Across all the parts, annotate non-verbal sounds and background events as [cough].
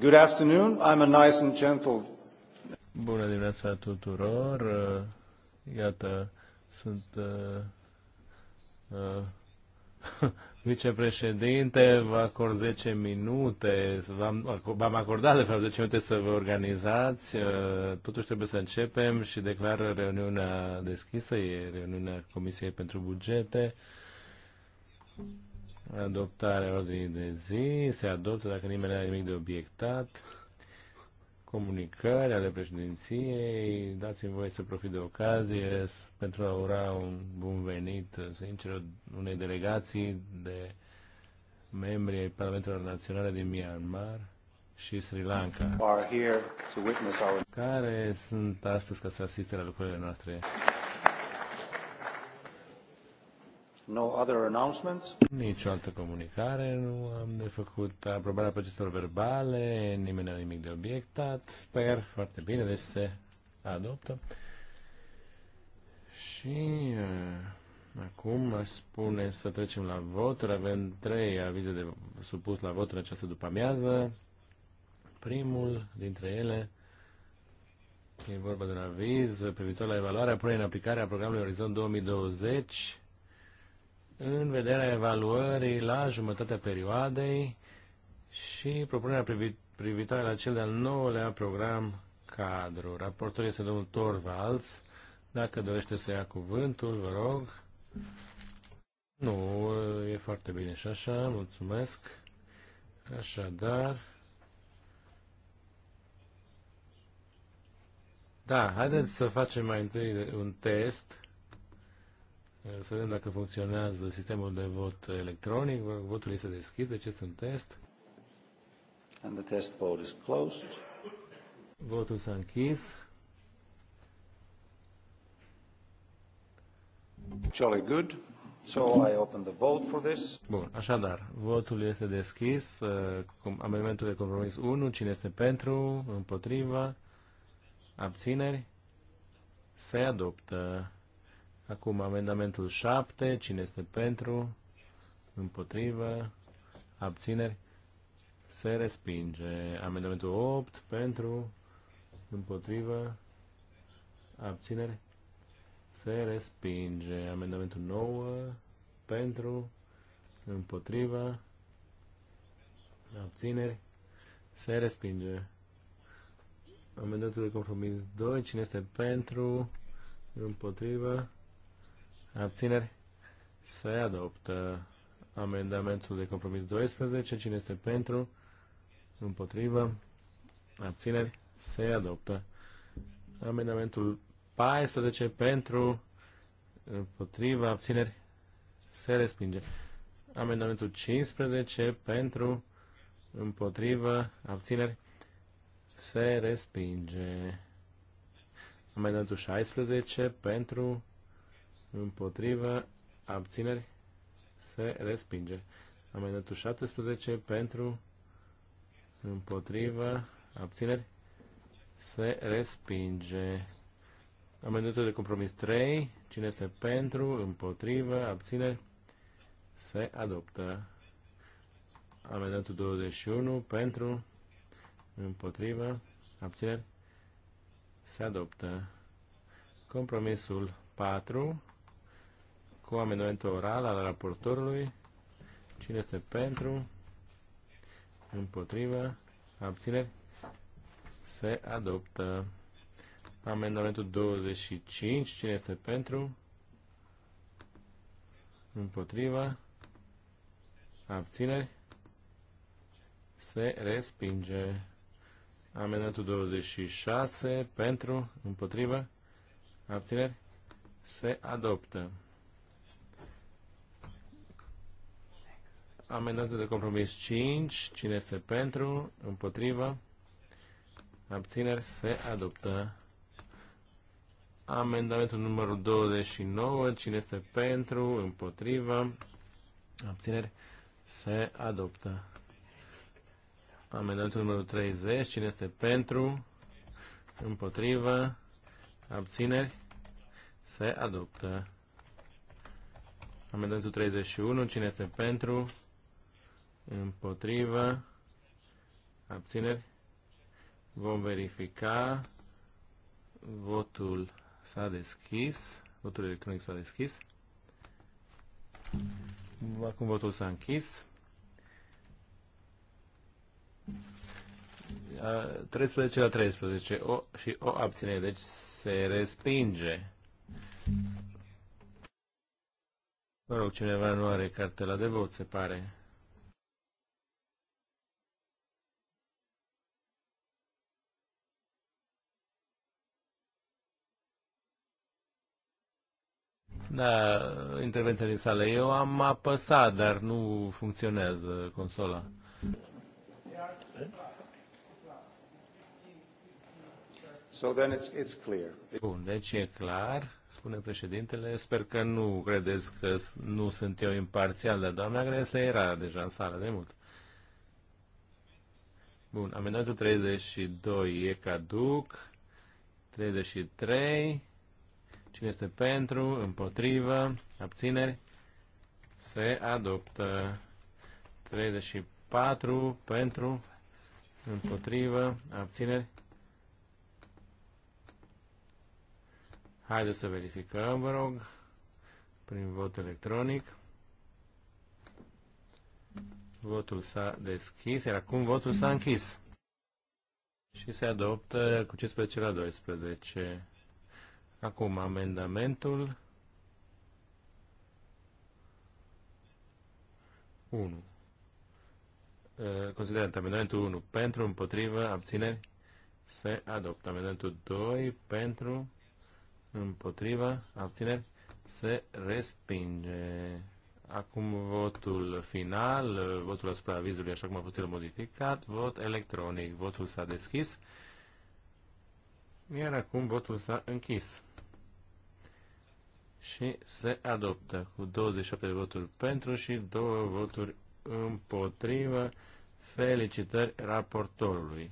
Good afternoon. I'm a nice and gentle. Bună dimineața tuturor. Uh, iată, sunt uh, uh, [laughs] vicepreședinte, vă acord 10 minute, v-am acordat de fapt 10 minute să vă organizați, uh, totuși trebuie să începem și declară reuniunea deschisă, e reuniunea Comisiei pentru Bugete. Adoptarea ordinii de zi se adoptă dacă nimeni nu are nimic de obiectat. comunicarea ale președinției. Dați-mi voie să profit de ocazie pentru a ura un bun venit, sincer, unei delegații de membri ai Parlamentelor Naționale din Myanmar și Sri Lanka, care sunt astăzi ca să asiste la lucrurile noastre. No other announcements? Nici o altă comunicare, nu am de făcut aprobarea procesor verbale, nimeni nu are nimic de obiectat, sper, foarte bine, deci se adoptă. Și uh, acum aș spune să trecem la voturi, avem trei avize de supus la vot în această după amiază. Primul dintre ele e vorba de un aviz privitor la evaluarea punerii în aplicare a programului Orizont 2020 în vederea evaluării la jumătatea perioadei și propunerea privitoare la cel de-al nouălea program cadru. Raportul este domnul Torvalds. Dacă dorește să ia cuvântul, vă rog. Nu, e foarte bine și așa, mulțumesc. Așadar... Da, haideți să facem mai întâi un test să vedem dacă funcționează sistemul de vot electronic. Votul este deschis, deci este un test. And the test vote is closed. Votul s-a închis. Jolly good. So I open the vote for this. Bun, așadar, votul este deschis. Uh, amendamentul de compromis 1, cine este pentru, împotriva, abțineri, se adoptă. Acum amendamentul 7, cine este pentru, împotrivă, abțineri, se respinge. Amendamentul 8, pentru, împotrivă, abțineri, se respinge. Amendamentul 9, pentru, împotrivă, abțineri, se respinge. Amendamentul de compromis 2, cine este pentru, împotrivă, abțineri, se adoptă amendamentul de compromis 12. Cine este pentru? Împotrivă. Abțineri. Se adoptă. Amendamentul 14 pentru. Împotrivă. Abțineri. Se respinge. Amendamentul 15 pentru. Împotrivă. Abțineri. Se respinge. Amendamentul 16 pentru împotriva abțineri, se respinge. Amendamentul 17 pentru, împotriva abțineri, se respinge. Amendamentul de compromis 3, cine este pentru, împotriva, abțineri, se adoptă. Amendamentul 21 pentru, împotriva, abțineri, se adoptă. Compromisul 4 cu amendamentul oral al raportorului. Cine este pentru? Împotrivă? Abțineri? Se adoptă. Amendamentul 25. Cine este pentru? Împotrivă? Abțineri? Se respinge. Amendamentul 26. Pentru? Împotrivă? Abțineri? Se adoptă. Amendamentul de compromis 5. Cine este pentru? Împotrivă? Abțineri? Se adoptă. Amendamentul numărul 29. Cine este pentru? Împotrivă? Abțineri? Se adoptă. Amendamentul numărul 30. Cine este pentru? Împotrivă? Abțineri? Se adoptă. Amendamentul 31. Cine este pentru? împotrivă, abțineri. Vom verifica. Votul s-a deschis. Votul electronic s-a deschis. Acum votul s-a închis. 13 la 13 o, și o abținere, deci se respinge. Mă rog, cineva nu are cartela de vot, se pare. Da, intervenția din sală. Eu am apăsat, dar nu funcționează consola. So then it's, it's clear. Bun, deci e clar, spune președintele. Sper că nu credeți că nu sunt eu imparțial, dar doamna Gresle era deja în sală de mult. Bun, amendamentul 32 e caduc, 33, Cine este pentru, împotrivă, abțineri, se adoptă. 34 pentru, împotrivă, abțineri. Haideți să verificăm, vă rog, prin vot electronic. Votul s-a deschis, iar acum votul s-a închis. Și se adoptă cu 15 la 12. Acum, amendamentul 1. Eh, Considerăm amendamentul 1 pentru, împotrivă, abțineri, se adoptă. Amendamentul 2 pentru, împotrivă, abțineri, se respinge. Acum votul final, eh, votul asupra avizului, așa cum a fost el modificat, vot electronic. Votul s-a deschis, iar acum votul s-a închis și se adoptă cu 27 de voturi pentru și 2 voturi împotrivă. Felicitări raportorului.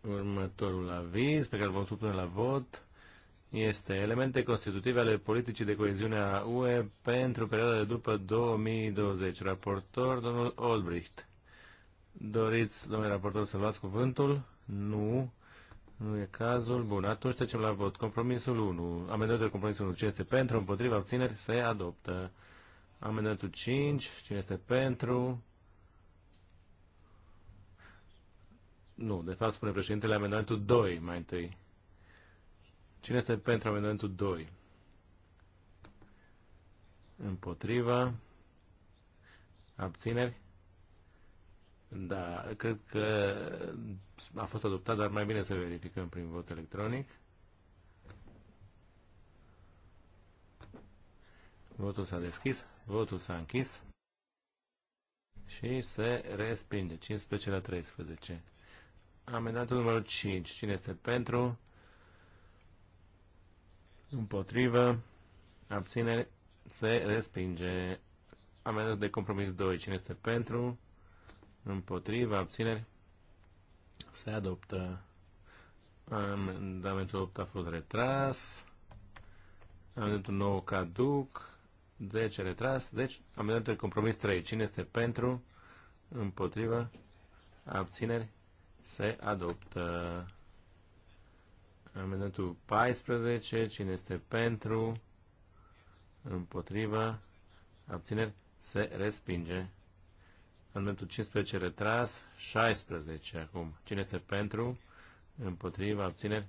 Următorul aviz pe care îl vom supune la vot este elemente constitutive ale politicii de coeziune a UE pentru perioada de după 2020. Raportor, domnul Olbricht. Doriți, domnule raportor, să luați cuvântul? Nu. Nu e cazul. Bun, atunci trecem la vot. Compromisul 1. Amendamentul compromisul 1. Cine este pentru, împotriva, abțineri, se adoptă. Amendamentul 5. Cine este pentru? Nu, de fapt spune președintele amendamentul 2 mai întâi. Cine este pentru amendamentul 2? Împotriva. Abțineri. Da, cred că a fost adoptat, dar mai bine să verificăm prin vot electronic. Votul s-a deschis, votul s-a închis și se respinge. 15 la 13. Amendatul numărul 5. Cine este pentru? Împotrivă. Abținere. Se respinge. Amendatul de compromis 2. Cine este pentru? împotriva, abțineri, se adoptă. Amendamentul 8 a fost retras. Amendamentul 9 caduc. 10 deci, retras. Deci, amendamentul de compromis 3. Cine este pentru? Împotriva Abțineri? Se adoptă. Amendamentul 14. Cine este pentru? Împotriva Abțineri? Se respinge momentul 15 retras, 16 acum. Cine este pentru? Împotriva, abțineri?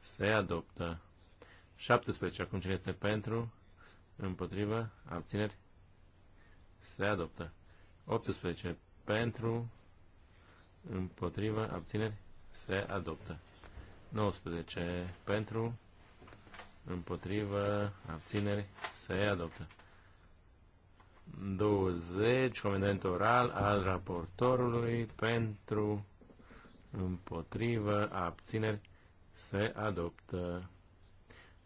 Se adoptă. 17 acum. Cine este pentru? Împotriva, abțineri? Se adoptă. 18 pentru, împotriva, abțineri? Se adoptă. 19 pentru, împotriva, abțineri? Se adoptă. 20, comandament oral al raportorului pentru împotrivă abțineri se adoptă.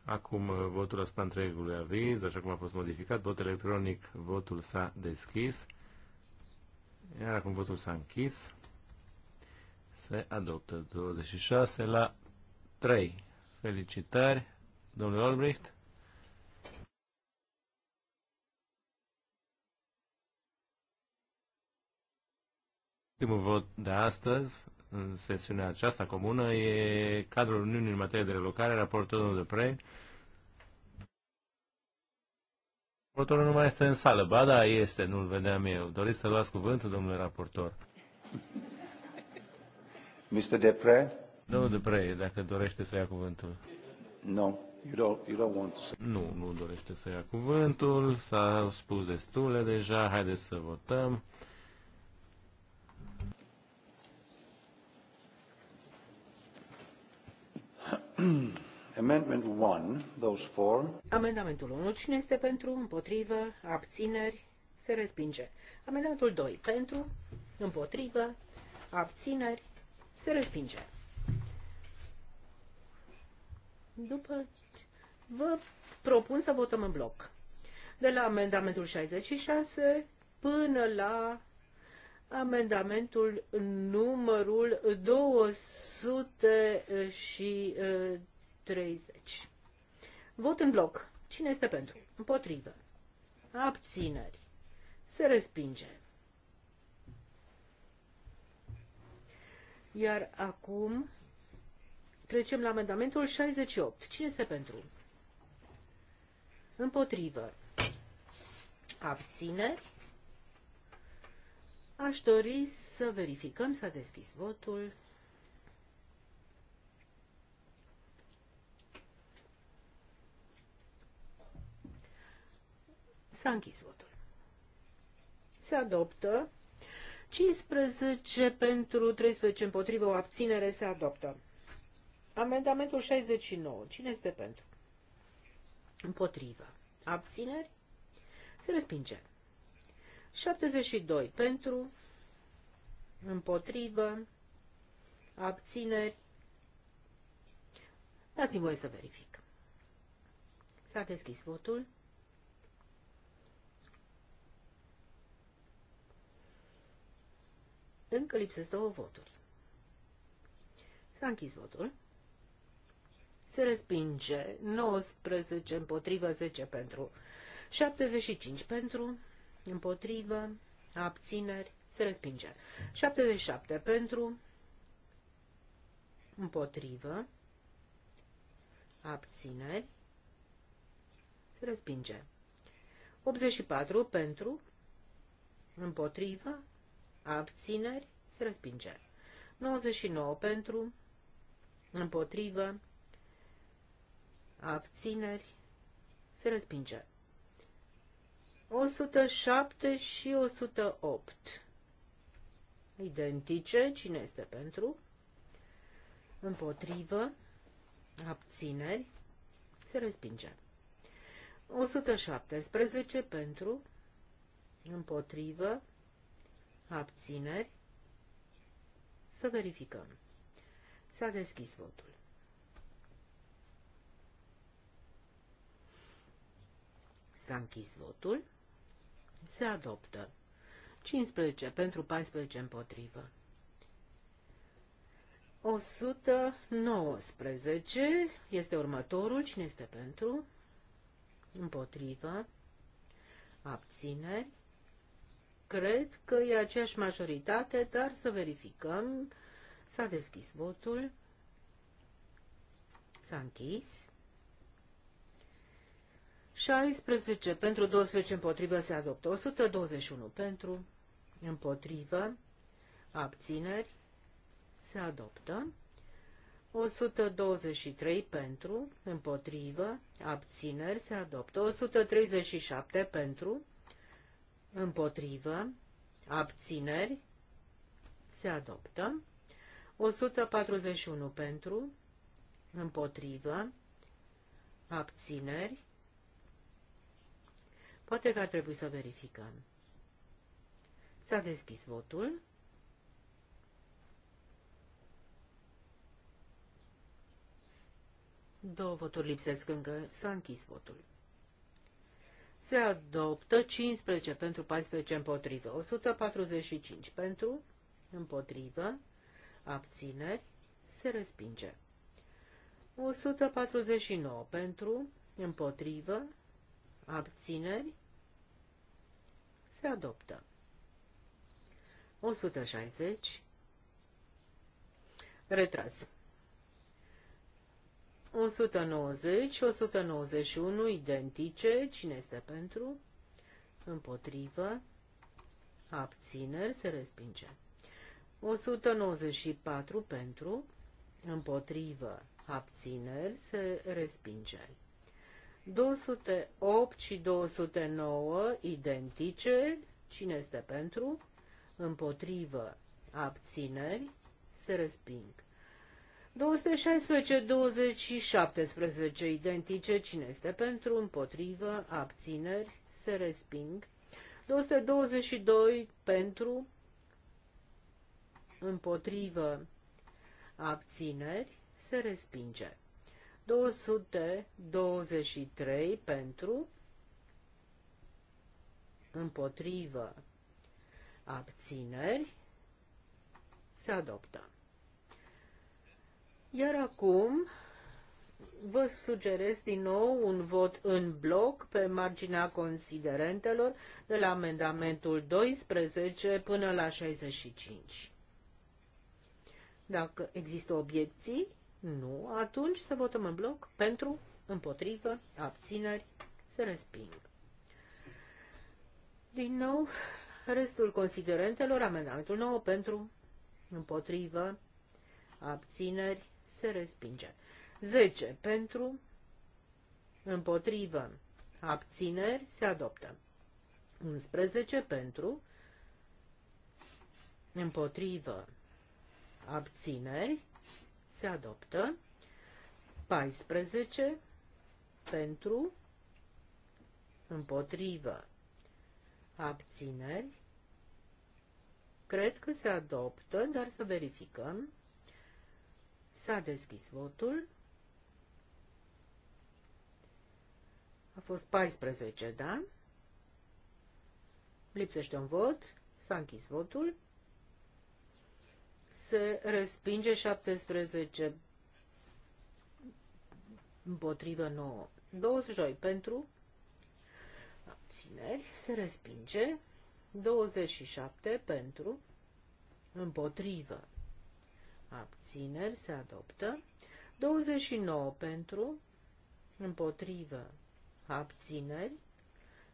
Acum votul asupra întregului aviz, așa cum a fost modificat, vot electronic, votul s-a deschis, iar acum votul s-a închis, se adoptă 26 la 3. Felicitări, domnule Olbricht! Primul vot de astăzi, în sesiunea aceasta comună, e cadrul Uniunii în materie de relocare, raportorul de pre. Raportorul nu mai este în sală. Ba da, este, nu-l vedeam eu. Doriți să luați cuvântul, domnule raportor? Mr. Depre? Domnul Depre, dacă dorește să ia cuvântul. Nu. No. You don't, you don't want to say... Nu, nu dorește să ia cuvântul, s-a spus destule deja, haideți să votăm. Amendment 1, those four. Amendamentul 1, cine este pentru, împotrivă, abțineri, se respinge. Amendamentul 2, pentru, împotrivă, abțineri, se respinge. După vă propun să votăm în bloc. De la amendamentul 66 până la amendamentul numărul 200 și 30. Vot în bloc. Cine este pentru? Împotrivă. Abțineri. Se respinge. Iar acum trecem la amendamentul 68. Cine este pentru? Împotrivă. Abțineri. Aș dori să verificăm, s-a deschis votul. S-a închis votul. Se adoptă. 15 pentru 13 împotrivă, o abținere se adoptă. Amendamentul 69. Cine este pentru? Împotrivă. Abțineri? Se respinge. 72 pentru, împotrivă, abțineri. Dați-mi voie să verific. S-a deschis votul. Încă lipsesc două voturi. S-a închis votul. Se respinge 19 împotrivă, 10 pentru, 75 pentru, împotrivă, abțineri, se respinge. 77 pentru, împotrivă, abțineri, se respinge. 84 pentru, împotrivă, abțineri, se respinge. 99 pentru, împotrivă, abțineri, se respinge. 107 și 108. Identice, cine este pentru? Împotrivă, abțineri, se respinge. 117 pentru, împotrivă, abțineri, să verificăm. S-a deschis votul. S-a închis votul. Se adoptă. 15 pentru 14 împotrivă. 119 este următorul. Cine este pentru? Împotrivă. Abțineri. Cred că e aceeași majoritate, dar să verificăm. S-a deschis votul. S-a închis. 16 pentru, 12 împotrivă se adoptă, 121 pentru, împotrivă, abțineri, se adoptă, 123 pentru, împotrivă, abțineri, se adoptă, 137 pentru, împotrivă, abțineri, se adoptă. 141 pentru, împotrivă, abțineri. Poate că ar trebui să verificăm. S-a deschis votul. Două voturi lipsesc încă. S-a închis votul se adoptă 15 pentru 14 împotrivă, 145 pentru împotrivă, abțineri, se respinge. 149 pentru împotrivă, abțineri, se adoptă. 160 retras. 190 și 191 identice. Cine este pentru? Împotrivă. Abțineri se respinge. 194 pentru. Împotrivă. Abțineri se respinge. 208 și 209 identice. Cine este pentru? Împotrivă. Abțineri se resping. 216, 20 identice. Cine este pentru, împotrivă, abțineri, se resping. 222 pentru, împotrivă, abțineri, se respinge. 223 pentru, împotrivă, abțineri, se adoptă. Iar acum vă sugerez din nou un vot în bloc pe marginea considerentelor de la amendamentul 12 până la 65. Dacă există obiecții, nu, atunci să votăm în bloc pentru, împotrivă, abțineri, se resping. Din nou, restul considerentelor, amendamentul 9 pentru, împotrivă, abțineri, se respinge. 10 pentru, împotrivă, abțineri, se adoptă. 11 pentru, împotrivă, abțineri, se adoptă. 14 pentru, împotrivă, abțineri, cred că se adoptă, dar să verificăm. S-a deschis votul. A fost 14, da? Lipsește un vot. S-a închis votul. Se respinge 17 împotrivă 9. 22 pentru abțineri. Se respinge 27 pentru împotrivă abțineri se adoptă, 29 pentru, împotrivă, abțineri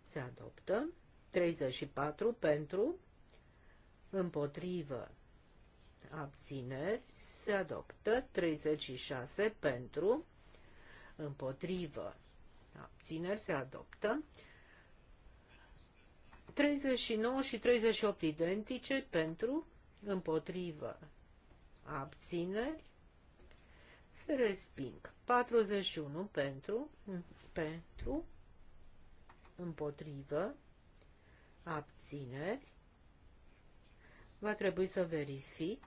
se adoptă, 34 pentru, împotrivă, abțineri se adoptă, 36 pentru, împotrivă, abțineri se adoptă, 39 și 38 identice pentru, împotrivă, abțineri, se resping. 41 pentru, pentru, împotrivă, abțineri, va trebui să verific.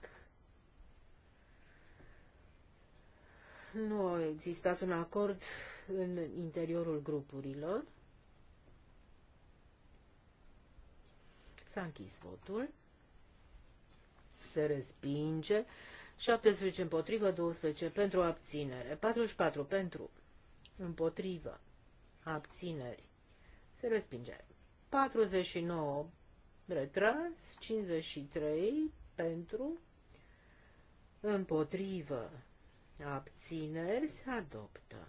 Nu a existat un acord în interiorul grupurilor. S-a închis votul se respinge, 17 împotrivă, 12 pentru abținere, 44 pentru împotrivă, abțineri, se respinge, 49 retras, 53 pentru împotrivă, abțineri, se adoptă.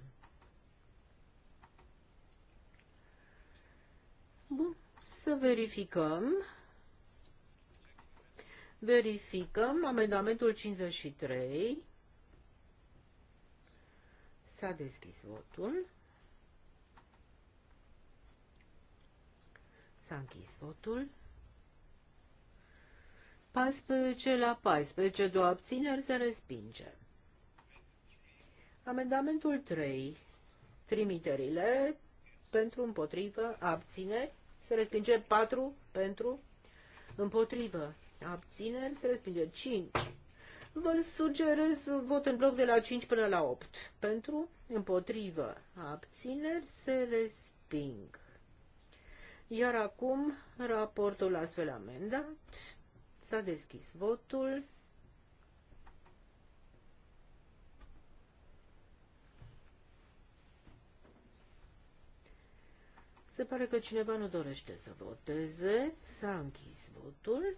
Bun, să verificăm Verificăm amendamentul 53. S-a deschis votul. S-a închis votul. 14 la 14, două abțineri se respinge. Amendamentul 3. Trimiterile pentru împotrivă, abține, se respinge 4 pentru împotrivă, abțineri, se respinge. 5. Vă sugerez vot în bloc de la 5 până la 8. Pentru, împotrivă, abțineri, se resping. Iar acum, raportul astfel amendat. S-a deschis votul. Se pare că cineva nu dorește să voteze. S-a închis votul.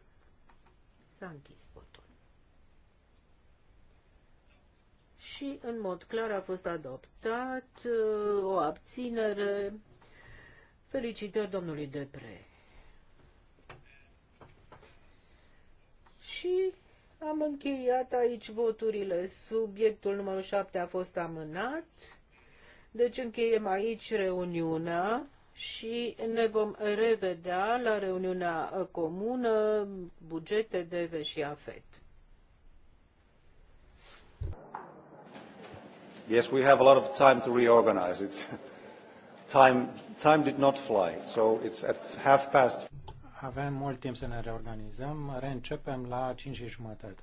S-a închis votul. Și în mod clar a fost adoptat uh, o abținere. Felicitări domnului Depre. Și am încheiat aici voturile. Subiectul numărul 7 a fost amânat. Deci încheiem aici reuniunea și ne vom revedea la reuniunea comună bugete de și AFET. Yes, we have a lot of time to reorganize. It's time time did not fly, so it's at half past. Avem mult timp să ne reorganizăm. Reîncepem la 5 și jumătate.